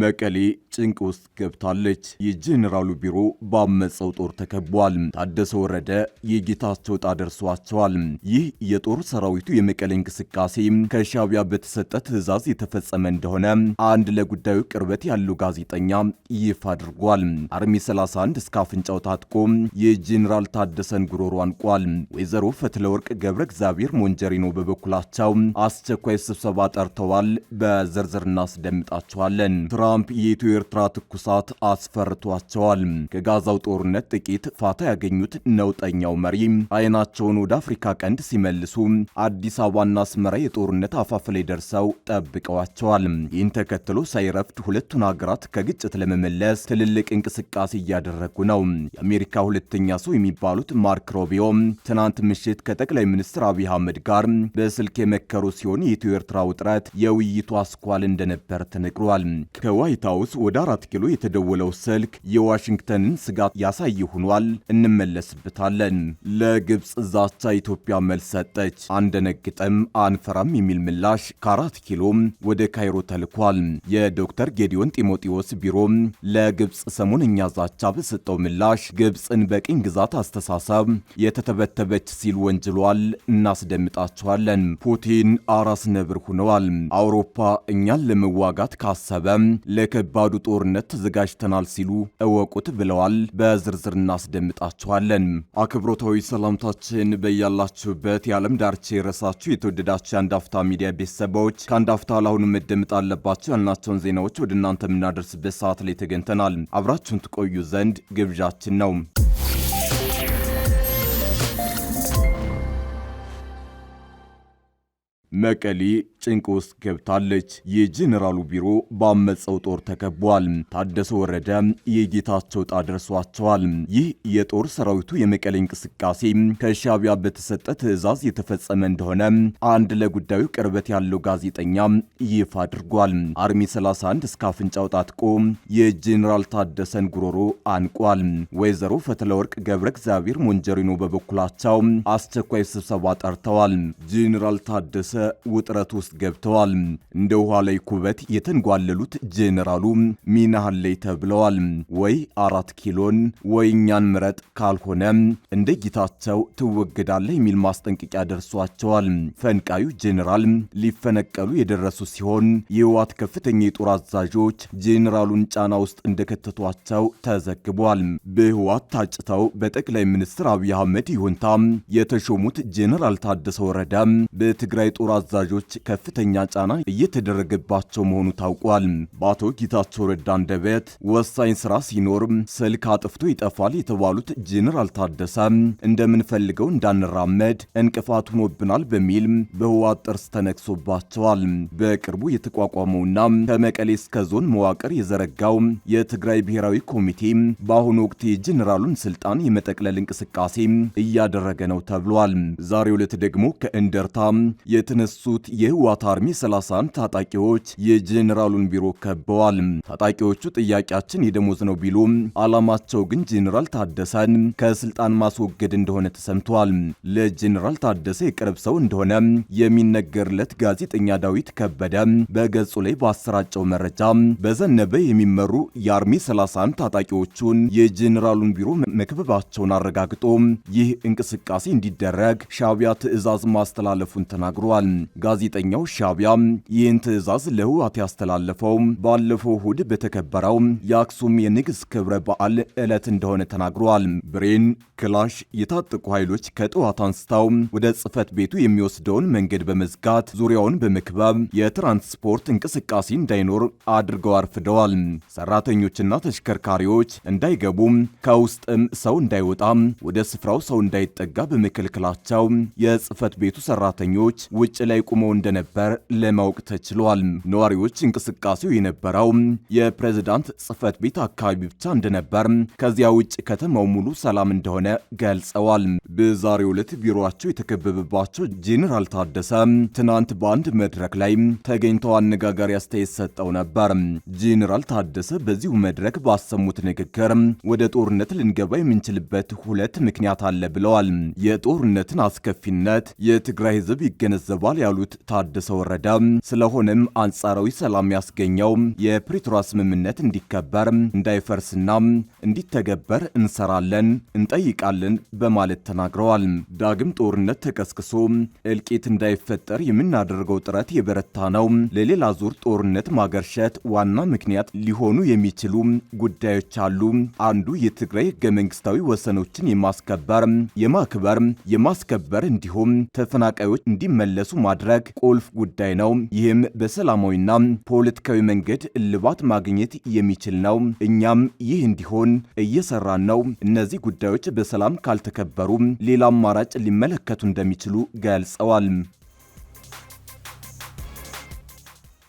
መቀሌ ጭንቅ ውስጥ ገብታለች። የጄኔራሉ ቢሮ ባመፀው ጦር ተከቧል። ታደሰ ወረደ የጌታቸው ዕጣ ደርሷቸዋል። ይህ የጦር ሰራዊቱ የመቀሌ እንቅስቃሴ ከሻቢያ በተሰጠ ትዕዛዝ የተፈጸመ እንደሆነ አንድ ለጉዳዩ ቅርበት ያለው ጋዜጠኛ ይፋ አድርጓል። አርሚ 31 እስከ አፍንጫው ታጥቆ የጄኔራል ታደሰን ጉሮሮ አንቋል። ወይዘሮ ፈትለወርቅ ገብረ እግዚአብሔር ሞንጀሪኖ በበኩላቸው አስቸኳይ ስብሰባ ጠርተዋል። በዝርዝር እናስደምጣቸዋለን። ትራምፕ የኢትዮ ኤርትራ ትኩሳት አስፈርቷቸዋል። ከጋዛው ጦርነት ጥቂት ፋታ ያገኙት ነውጠኛው መሪ አይናቸውን ወደ አፍሪካ ቀንድ ሲመልሱ አዲስ አበባና አስመራ የጦርነት አፋፍ ላይ ደርሰው ጠብቀዋቸዋል። ይህን ተከትሎ ሳይረፍድ ሁለቱን ሀገራት ከግጭት ለመመለስ ትልልቅ እንቅስቃሴ እያደረጉ ነው። የአሜሪካ ሁለተኛ ሰው የሚባሉት ማርክ ሮቢዮ ትናንት ምሽት ከጠቅላይ ሚኒስትር አብይ አህመድ ጋር በስልክ የመከሩ ሲሆን የኢትዮ ኤርትራ ውጥረት የውይይቱ አስኳል እንደነበር ተነግሯል። ከዋይት ሀውስ ወደ አራት ኪሎ የተደወለው ስልክ የዋሽንግተንን ስጋት ያሳይ ሆኗል። እንመለስበታለን። ለግብፅ ዛቻ ኢትዮጵያ መልስ ሰጠች። አንደነግጠም አንፈራም የሚል ምላሽ ከአራት ኪሎም ወደ ካይሮ ተልኳል። የዶክተር ጌዲዮን ጢሞቴዎስ ቢሮም ለግብፅ ሰሞነኛ ዛቻ በሰጠው ምላሽ ግብፅን በቅኝ ግዛት አስተሳሰብ የተተበተበች ሲል ወንጅሏል። እናስደምጣቸዋለን። ፑቲን አራስ ነብር ሆነዋል። አውሮፓ እኛን ለመዋጋት ካሰበ ለከባዱ ጦርነት ተዘጋጅተናል ሲሉ እወቁት ብለዋል። በዝርዝር እናስደምጣችኋለን። አክብሮታዊ ሰላምታችን በያላችሁበት የዓለም ዳርቻ የረሳችሁ የተወደዳችሁ የአንድ አፍታ ሚዲያ ቤተሰባዎች ከአንድ አፍታ ለአሁኑ መደመጥ አለባቸው ያልናቸውን ዜናዎች ወደ እናንተ የምናደርስበት ሰዓት ላይ ተገኝተናል። አብራችሁን ትቆዩ ዘንድ ግብዣችን ነው። መቀሌ ጭንቅ ውስጥ ገብታለች። የጄኔራሉ ቢሮ ባመፀው ጦር ተከቧል። ታደሰ ወረደ የጌታቸው ጣ ደርሷቸዋል። ይህ የጦር ሰራዊቱ የመቀሌ እንቅስቃሴ ከሻቢያ በተሰጠ ትዕዛዝ የተፈጸመ እንደሆነ አንድ ለጉዳዩ ቅርበት ያለው ጋዜጠኛ ይፋ አድርጓል። አርሚ 31 እስከ አፍንጫው ጣጥቆ የጄኔራል ታደሰን ጉሮሮ አንቋል። ወይዘሮ ፈትለወርቅ ገብረ እግዚአብሔር ሞንጀሪኖ በበኩላቸው አስቸኳይ ስብሰባ ጠርተዋል። ጄኔራል ታደሰ ውጥረት ውስጥ ገብተዋል። እንደ ውሃ ላይ ኩበት የተንጓለሉት ጄኔራሉ ሚና ተብለዋል። ወይ አራት ኪሎን ወይ እኛን ምረጥ፣ ካልሆነ እንደ ጌታቸው ትወገዳለህ የሚል ማስጠንቀቂያ ደርሷቸዋል። ፈንቃዩ ጄኔራል ሊፈነቀሉ የደረሱ ሲሆን የህወሓት ከፍተኛ የጦር አዛዦች ጄኔራሉን ጫና ውስጥ እንደከተቷቸው ተዘግቧል። በህወሓት ታጭተው በጠቅላይ ሚኒስትር አብይ አህመድ ይሁንታ የተሾሙት ጄኔራል ታደሰ ወረዳ በትግራይ ጦር አዛዦች ከ ከፍተኛ ጫና እየተደረገባቸው መሆኑ ታውቋል። በአቶ ጌታቸው ረዳ አንደበት ወሳኝ ስራ ሲኖር ስልክ አጥፍቶ ይጠፋል የተባሉት ጄኔራል ታደሰ እንደምንፈልገው እንዳንራመድ እንቅፋት ሆኖብናል በሚል በህወሓት ጥርስ ተነክሶባቸዋል። በቅርቡ የተቋቋመውና ከመቀሌ እስከ ዞን መዋቅር የዘረጋው የትግራይ ብሔራዊ ኮሚቴ በአሁኑ ወቅት የጄኔራሉን ስልጣን የመጠቅለል እንቅስቃሴ እያደረገ ነው ተብሏል። ዛሬ ዕለት ደግሞ ከእንደርታ የተነሱት የህወ የህወሓት አርሚ 31 ታጣቂዎች የጄኔራሉን ቢሮ ከበዋል። ታጣቂዎቹ ጥያቄያችን የደሞዝ ነው ቢሉም አላማቸው ግን ጄኔራል ታደሰን ከስልጣን ማስወገድ እንደሆነ ተሰምቷል። ለጄኔራል ታደሰ የቅርብ ሰው እንደሆነ የሚነገርለት ጋዜጠኛ ዳዊት ከበደ በገጹ ላይ ባሰራጨው መረጃ በዘነበ የሚመሩ የአርሚ 31 ታጣቂዎቹን የጄኔራሉን ቢሮ መክበባቸውን አረጋግጦ ይህ እንቅስቃሴ እንዲደረግ ሻቢያ ትዕዛዝ ማስተላለፉን ተናግሯል። ጋዜጠኛው ነው ሻቢያ ይህን ትዕዛዝ ለህወሓት ያስተላለፈው ባለፈው እሁድ በተከበረው የአክሱም የንግሥ ክብረ በዓል ዕለት እንደሆነ ተናግሯል። ብሬን ክላሽ የታጠቁ ኃይሎች ከጠዋት አንስተው ወደ ጽህፈት ቤቱ የሚወስደውን መንገድ በመዝጋት ዙሪያውን በመክበብ የትራንስፖርት እንቅስቃሴ እንዳይኖር አድርገው አርፍደዋል። ሰራተኞችና ተሽከርካሪዎች እንዳይገቡ ከውስጥም ሰው እንዳይወጣ ወደ ስፍራው ሰው እንዳይጠጋ በመከልከላቸው የጽህፈት ቤቱ ሰራተኞች ውጭ ላይ ቁመው እንደነበር እንደነበር ለማወቅ ተችሏል። ነዋሪዎች እንቅስቃሴው የነበረው የፕሬዝዳንት ጽህፈት ቤት አካባቢ ብቻ እንደነበር፣ ከዚያ ውጭ ከተማው ሙሉ ሰላም እንደሆነ ገልጸዋል። በዛሬው ዕለት ቢሮቸው የተከበበባቸው ጄኔራል ታደሰ ትናንት በአንድ መድረክ ላይ ተገኝተው አነጋጋሪ አስተያየት ሰጠው ነበር። ጄኔራል ታደሰ በዚሁ መድረክ ባሰሙት ንግግር ወደ ጦርነት ልንገባ የምንችልበት ሁለት ምክንያት አለ ብለዋል። የጦርነትን አስከፊነት የትግራይ ህዝብ ይገነዘባል ያሉት ታደሰ ታደሰ ወረደ። ስለሆነም አንጻራዊ ሰላም ያስገኘው የፕሪቶሪያ ስምምነት እንዲከበር እንዳይፈርስና እንዲተገበር እንሰራለን፣ እንጠይቃለን በማለት ተናግረዋል። ዳግም ጦርነት ተቀስቅሶ እልቂት እንዳይፈጠር የምናደርገው ጥረት የበረታ ነው። ለሌላ ዙር ጦርነት ማገርሸት ዋና ምክንያት ሊሆኑ የሚችሉ ጉዳዮች አሉ። አንዱ የትግራይ ህገ መንግስታዊ ወሰኖችን የማስከበር የማክበር የማስከበር እንዲሁም ተፈናቃዮች እንዲመለሱ ማድረግ ቁልፍ ጉዳይ ነው። ይህም በሰላማዊና ፖለቲካዊ መንገድ እልባት ማግኘት የሚችል ነው። እኛም ይህ እንዲሆን እየሰራን ነው። እነዚህ ጉዳዮች በሰላም ካልተከበሩ ሌላ አማራጭ ሊመለከቱ እንደሚችሉ ገልጸዋል።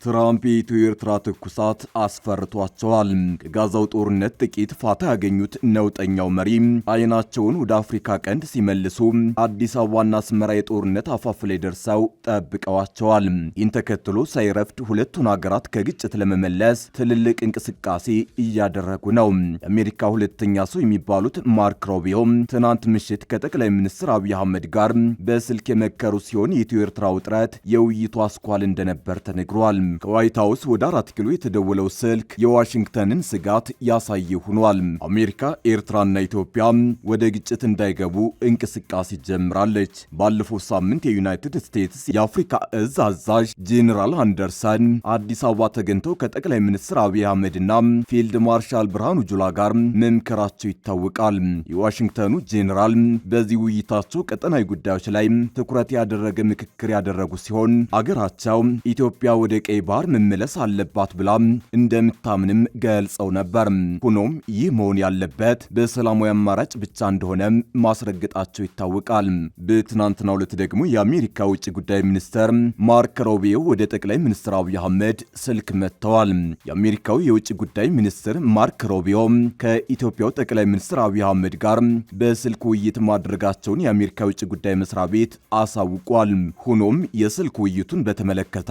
ትራምፕ የኢትዮ ኤርትራ ትኩሳት አስፈርቷቸዋል። ከጋዛው ጦርነት ጥቂት ፋታ ያገኙት ነውጠኛው መሪ አይናቸውን ወደ አፍሪካ ቀንድ ሲመልሱ አዲስ አበባና አስመራ የጦርነት አፋፍ ላይ ደርሰው ጠብቀዋቸዋል። ይህን ተከትሎ ሳይረፍድ ሁለቱን ሀገራት ከግጭት ለመመለስ ትልልቅ እንቅስቃሴ እያደረጉ ነው። የአሜሪካ ሁለተኛ ሰው የሚባሉት ማርክ ሮቢዮ ትናንት ምሽት ከጠቅላይ ሚኒስትር አብይ አህመድ ጋር በስልክ የመከሩ ሲሆን የኢትዮ ኤርትራ ውጥረት የውይይቱ አስኳል እንደነበር ተነግሯል። ከዋይት ሀውስ ወደ አራት ኪሎ የተደወለው ስልክ የዋሽንግተንን ስጋት ያሳየ ሆኗል። አሜሪካ ኤርትራና ኢትዮጵያ ወደ ግጭት እንዳይገቡ እንቅስቃሴ ጀምራለች። ባለፈው ሳምንት የዩናይትድ ስቴትስ የአፍሪካ እዝ አዛዥ ጄኔራል አንደርሰን አዲስ አበባ ተገኝተው ከጠቅላይ ሚኒስትር አብይ አህመድና ፊልድ ማርሻል ብርሃኑ ጁላ ጋር መምከራቸው ይታወቃል። የዋሽንግተኑ ጄኔራል በዚህ ውይይታቸው ቀጠናዊ ጉዳዮች ላይ ትኩረት ያደረገ ምክክር ያደረጉ ሲሆን አገራቸው ኢትዮጵያ ወደ ቀይ ባህር መመለስ አለባት ብላ እንደምታምንም ገልጸው ነበር። ሆኖም ይህ መሆን ያለበት በሰላማዊ አማራጭ ብቻ እንደሆነ ማስረግጣቸው ይታወቃል። በትናንትናው ዕለት ደግሞ የአሜሪካ ውጭ ጉዳይ ሚኒስተር ማርክ ሮቢዮ ወደ ጠቅላይ ሚኒስትር አብይ አህመድ ስልክ መጥተዋል። የአሜሪካው የውጭ ጉዳይ ሚኒስትር ማርክ ሮቢዮ ከኢትዮጵያው ጠቅላይ ሚኒስትር አብይ አህመድ ጋር በስልክ ውይይት ማድረጋቸውን የአሜሪካ የውጭ ጉዳይ መስሪያ ቤት አሳውቋል። ሆኖም የስልክ ውይይቱን በተመለከተ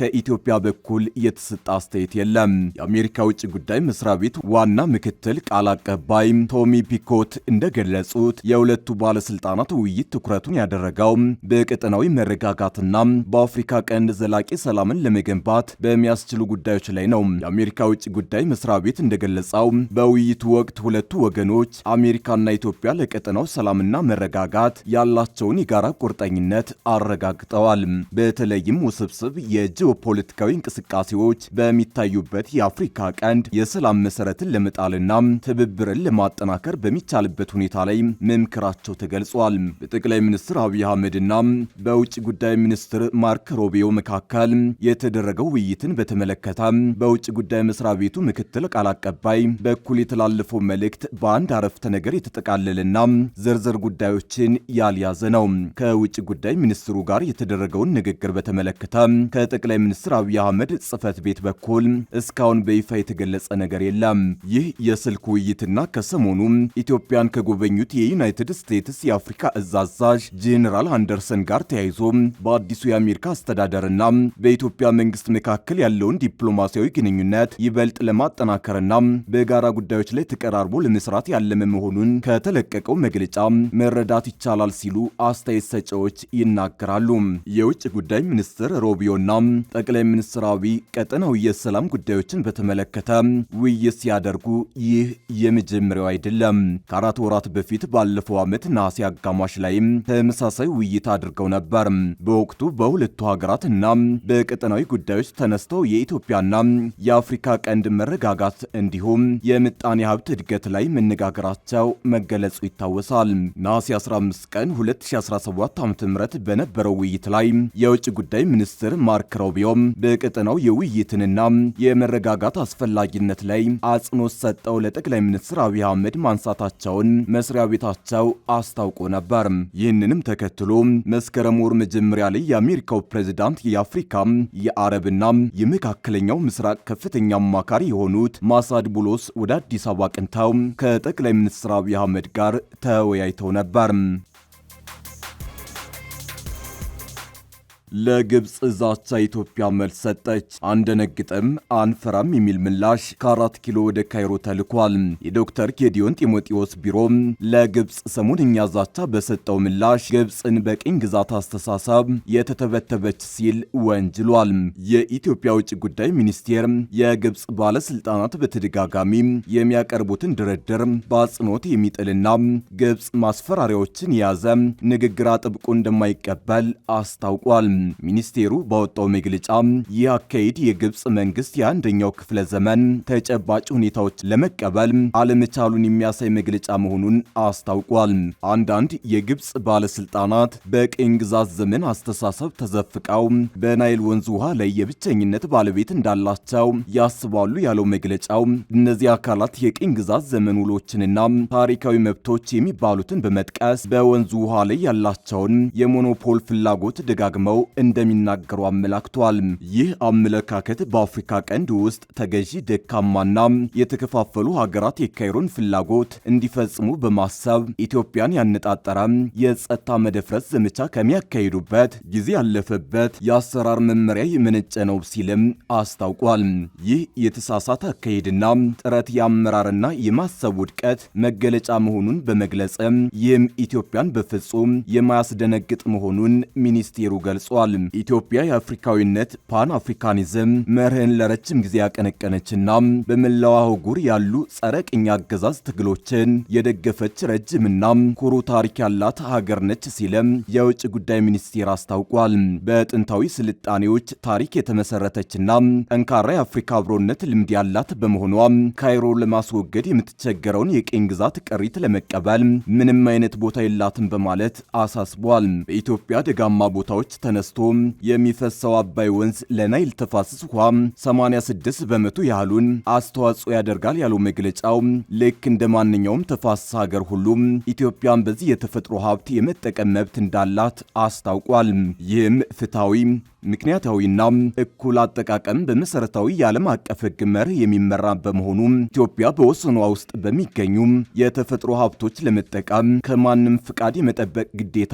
ከኢትዮጵያ በኢትዮጵያ በኩል የተሰጠ አስተያየት የለም። የአሜሪካ ውጭ ጉዳይ መስሪያ ቤት ዋና ምክትል ቃል አቀባይ ቶሚ ፒኮት እንደገለጹት የሁለቱ ባለስልጣናት ውይይት ትኩረቱን ያደረገው በቀጠናዊ መረጋጋትና በአፍሪካ ቀንድ ዘላቂ ሰላምን ለመገንባት በሚያስችሉ ጉዳዮች ላይ ነው። የአሜሪካ ውጭ ጉዳይ መስሪያ ቤት እንደገለጸው በውይይቱ ወቅት ሁለቱ ወገኖች አሜሪካና ኢትዮጵያ ለቀጠናው ሰላምና መረጋጋት ያላቸውን የጋራ ቁርጠኝነት አረጋግጠዋል። በተለይም ውስብስብ የጂኦፖለቲካ ፖለቲካዊ እንቅስቃሴዎች በሚታዩበት የአፍሪካ ቀንድ የሰላም መሰረትን ለመጣልና ትብብርን ለማጠናከር በሚቻልበት ሁኔታ ላይ መምከራቸው ተገልጿል። በጠቅላይ ሚኒስትር አብይ አህመድና በውጭ ጉዳይ ሚኒስትር ማርክ ሮቢዮ መካከል የተደረገው ውይይትን በተመለከተ በውጭ ጉዳይ መስሪያ ቤቱ ምክትል ቃል አቀባይ በኩል የተላለፈው መልእክት በአንድ አረፍተ ነገር የተጠቃለለና ዝርዝር ጉዳዮችን ያልያዘ ነው። ከውጭ ጉዳይ ሚኒስትሩ ጋር የተደረገውን ንግግር በተመለከተ ከጠቅላይ ሚኒስትር አብይ አብይ አህመድ ጽህፈት ቤት በኩል እስካሁን በይፋ የተገለጸ ነገር የለም። ይህ የስልክ ውይይትና ከሰሞኑ ኢትዮጵያን ከጎበኙት የዩናይትድ ስቴትስ የአፍሪካ እዝ አዛዥ ጄኔራል አንደርሰን ጋር ተያይዞ በአዲሱ የአሜሪካ አስተዳደርና በኢትዮጵያ መንግስት መካከል ያለውን ዲፕሎማሲያዊ ግንኙነት ይበልጥ ለማጠናከርና በጋራ ጉዳዮች ላይ ተቀራርቦ ለመስራት ያለመ መሆኑን ከተለቀቀው መግለጫ መረዳት ይቻላል ሲሉ አስተያየት ሰጪዎች ይናገራሉ። የውጭ ጉዳይ ሚኒስትር ሮቢዮና ጠቅላይ ሚኒስትራዊ ቀጠናው ቀጠናዊ የሰላም ጉዳዮችን በተመለከተ ውይይት ሲያደርጉ ይህ የመጀመሪያው አይደለም። ከአራት ወራት በፊት ባለፈው ዓመት ነሐሴ አጋማሽ ላይም ተመሳሳይ ውይይት አድርገው ነበር። በወቅቱ በሁለቱ ሀገራት እና በቀጠናዊ ጉዳዮች ተነስተው የኢትዮጵያና የአፍሪካ ቀንድ መረጋጋት እንዲሁም የምጣኔ ሀብት እድገት ላይ መነጋገራቸው መገለጹ ይታወሳል። ነሐሴ 15 ቀን 2017 ዓ.ም በነበረው ውይይት ላይ የውጭ ጉዳይ ሚኒስትር ማርክ ሮቢዮም በቀጠናው የውይይትንና የመረጋጋት አስፈላጊነት ላይ አጽንኦት ሰጠው ለጠቅላይ ሚኒስትር አብይ አህመድ ማንሳታቸውን መስሪያ ቤታቸው አስታውቆ ነበር። ይህንንም ተከትሎ መስከረም ወር መጀመሪያ ላይ የአሜሪካው ፕሬዚዳንት የአፍሪካ የአረብና የመካከለኛው ምስራቅ ከፍተኛ አማካሪ የሆኑት ማሳድ ቡሎስ ወደ አዲስ አበባ አቅንተው ከጠቅላይ ሚኒስትር አብይ አህመድ ጋር ተወያይተው ነበር። ለግብፅ ዛቻ ኢትዮጵያ መልስ ሰጠች። አንደነግጥም አንፈራም የሚል ምላሽ ከአራት ኪሎ ወደ ካይሮ ተልኳል። የዶክተር ጌዲዮን ጢሞቴዎስ ቢሮም ለግብፅ ሰሞንኛ ዛቻ በሰጠው ምላሽ ግብፅን በቅኝ ግዛት አስተሳሰብ የተተበተበች ሲል ወንጅሏል። የኢትዮጵያ ውጭ ጉዳይ ሚኒስቴር የግብፅ ባለስልጣናት በተደጋጋሚ የሚያቀርቡትን ድርድር በአጽንኦት የሚጥልና ግብፅ ማስፈራሪያዎችን የያዘ ንግግር አጥብቆ እንደማይቀበል አስታውቋል። ሚኒስቴሩ ባወጣው መግለጫ ይህ አካሄድ የግብፅ መንግስት የአንደኛው ክፍለ ዘመን ተጨባጭ ሁኔታዎች ለመቀበል አለመቻሉን የሚያሳይ መግለጫ መሆኑን አስታውቋል። አንዳንድ የግብፅ ባለስልጣናት በቅኝ ግዛት ዘመን አስተሳሰብ ተዘፍቀው በናይል ወንዝ ውሃ ላይ የብቸኝነት ባለቤት እንዳላቸው ያስባሉ ያለው መግለጫው እነዚህ አካላት የቅኝ ግዛት ዘመን ውሎችንና ታሪካዊ መብቶች የሚባሉትን በመጥቀስ በወንዙ ውሃ ላይ ያላቸውን የሞኖፖል ፍላጎት ደጋግመው እንደሚናገሩ አመላክቷል። ይህ አመለካከት በአፍሪካ ቀንድ ውስጥ ተገዢ ደካማና የተከፋፈሉ ሀገራት የካይሮን ፍላጎት እንዲፈጽሙ በማሰብ ኢትዮጵያን ያነጣጠረ የጸጥታ መደፍረስ ዘመቻ ከሚያካሂዱበት ጊዜ ያለፈበት የአሰራር መመሪያ የመነጨ ነው ሲልም አስታውቋል። ይህ የተሳሳተ አካሄድና ጥረት የአመራርና የማሰብ ውድቀት መገለጫ መሆኑን በመግለጽ ይህም ኢትዮጵያን በፍጹም የማያስደነግጥ መሆኑን ሚኒስቴሩ ገልጿል። ገልጸዋል። ኢትዮጵያ የአፍሪካዊነት ፓን አፍሪካኒዝም መርህን ለረጅም ጊዜ ያቀነቀነችና በመላዋ አህጉር ያሉ ጸረ ቅኝ አገዛዝ ትግሎችን የደገፈች ረጅምና ኩሩ ታሪክ ያላት ሀገር ነች ሲለም የውጭ ጉዳይ ሚኒስቴር አስታውቋል። በጥንታዊ ስልጣኔዎች ታሪክ የተመሰረተችና ጠንካራ የአፍሪካ አብሮነት ልምድ ያላት በመሆኗ ካይሮ ለማስወገድ የምትቸገረውን የቅኝ ግዛት ቅሪት ለመቀበል ምንም አይነት ቦታ የላትም በማለት አሳስቧል። በኢትዮጵያ ደጋማ ቦታዎች ተነስ ተከስቶ የሚፈሰው አባይ ወንዝ ለናይል ተፋሰስ ውሃ 86 በመቶ ያህሉን አስተዋጽኦ ያደርጋል ያለው መግለጫው ልክ እንደ ማንኛውም ተፋሰስ ሀገር ሁሉም ኢትዮጵያን በዚህ የተፈጥሮ ሀብት የመጠቀም መብት እንዳላት አስታውቋል። ይህም ፍትሐዊ ምክንያታዊና እኩል አጠቃቀም በመሰረታዊ የዓለም አቀፍ ሕግ መርህ የሚመራ በመሆኑ ኢትዮጵያ በወሰኗ ውስጥ በሚገኙ የተፈጥሮ ሀብቶች ለመጠቀም ከማንም ፍቃድ የመጠበቅ ግዴታ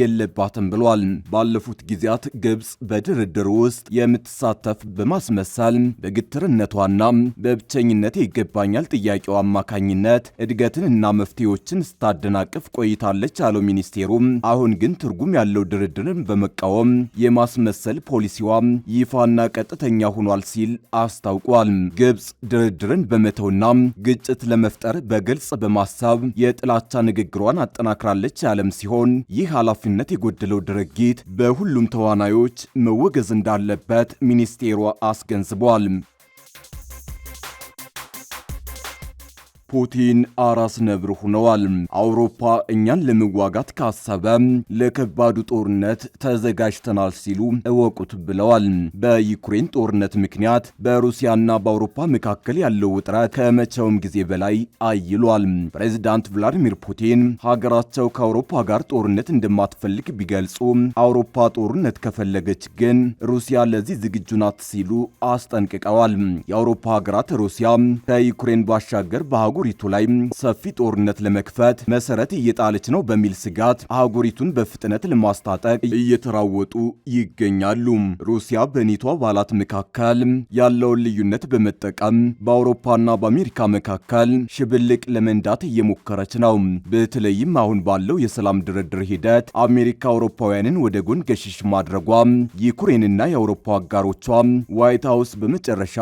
የለባትም ብሏል። ባለፉት ጊዜያት ግብጽ በድርድሩ ውስጥ የምትሳተፍ በማስመሰል በግትርነቷና በብቸኝነት ይገባኛል። ጥያቄው አማካኝነት እድገትንና መፍትሄዎችን ስታደናቅፍ ቆይታለች አለው ሚኒስቴሩም። አሁን ግን ትርጉም ያለው ድርድርን በመቃወም የማስመሰል መሰል ፖሊሲዋ ይፋና ቀጥተኛ ሆኗል ሲል አስታውቋል። ግብጽ ድርድርን በመተውና ግጭት ለመፍጠር በግልጽ በማሳብ የጥላቻ ንግግሯን አጠናክራለች ያለም ሲሆን ይህ ኃላፊነት የጎደለው ድርጊት በሁሉም ተዋናዮች መወገዝ እንዳለበት ሚኒስቴሯ አስገንዝቧል። ፑቲን አራስ ነብር ሆነዋል። አውሮፓ እኛን ለመዋጋት ካሰበ ለከባዱ ጦርነት ተዘጋጅተናል ሲሉ እወቁት ብለዋል። በዩክሬን ጦርነት ምክንያት በሩሲያና በአውሮፓ መካከል ያለው ውጥረት ከመቼውም ጊዜ በላይ አይሏል። ፕሬዚዳንት ቭላዲሚር ፑቲን ሀገራቸው ከአውሮፓ ጋር ጦርነት እንደማትፈልግ ቢገልጹ፣ አውሮፓ ጦርነት ከፈለገች ግን ሩሲያ ለዚህ ዝግጁ ናት ሲሉ አስጠንቅቀዋል። የአውሮፓ ሀገራት ሩሲያ ከዩክሬን ባሻገር በአህጉ በአህጉሪቱ ላይ ሰፊ ጦርነት ለመክፈት መሰረት እየጣለች ነው በሚል ስጋት አህጉሪቱን በፍጥነት ለማስታጠቅ እየተራወጡ ይገኛሉ። ሩሲያ በኔቶ አባላት መካከል ያለውን ልዩነት በመጠቀም በአውሮፓና በአሜሪካ መካከል ሽብልቅ ለመንዳት እየሞከረች ነው። በተለይም አሁን ባለው የሰላም ድርድር ሂደት አሜሪካ አውሮፓውያንን ወደ ጎን ገሽሽ ማድረጓ ዩክሬንና የአውሮፓ አጋሮቿ ዋይት ሀውስ በመጨረሻ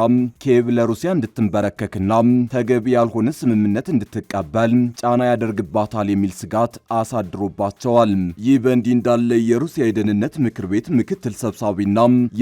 ኬቭ ለሩሲያ እንድትንበረከክና ተገቢ ያልሆነ ስምምነት እንድትቀበል ጫና ያደርግባታል የሚል ስጋት አሳድሮባቸዋል። ይህ በእንዲህ እንዳለ የሩሲያ የደህንነት ምክር ቤት ምክትል ሰብሳቢና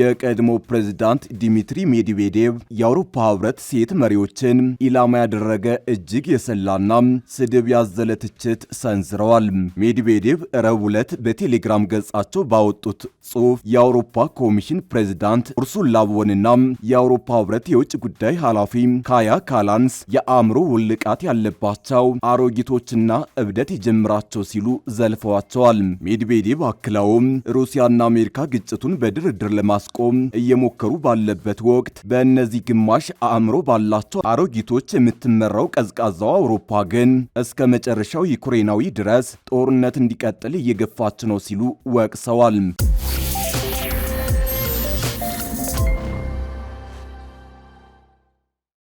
የቀድሞ ፕሬዚዳንት ዲሚትሪ ሜድቬዴቭ የአውሮፓ ህብረት ሴት መሪዎችን ኢላማ ያደረገ እጅግ የሰላና ስድብ ያዘለ ትችት ሰንዝረዋል። ሜድቬዴቭ ረቡዕ ዕለት በቴሌግራም ገጻቸው ባወጡት ጽሑፍ የአውሮፓ ኮሚሽን ፕሬዚዳንት ኡርሱላ ቮንና የአውሮፓ ህብረት የውጭ ጉዳይ ኃላፊ ካያ ካላንስ የአእምሮ ውል ብቃት ያለባቸው አሮጊቶችና እብደት ይጀምራቸው ሲሉ ዘልፈዋቸዋል። ሜድቬዴቭ አክለውም ሩሲያና አሜሪካ ግጭቱን በድርድር ለማስቆም እየሞከሩ ባለበት ወቅት በእነዚህ ግማሽ አእምሮ ባላቸው አሮጊቶች የምትመራው ቀዝቃዛው አውሮፓ ግን እስከ መጨረሻው ዩክሬናዊ ድረስ ጦርነት እንዲቀጥል እየገፋች ነው ሲሉ ወቅሰዋል።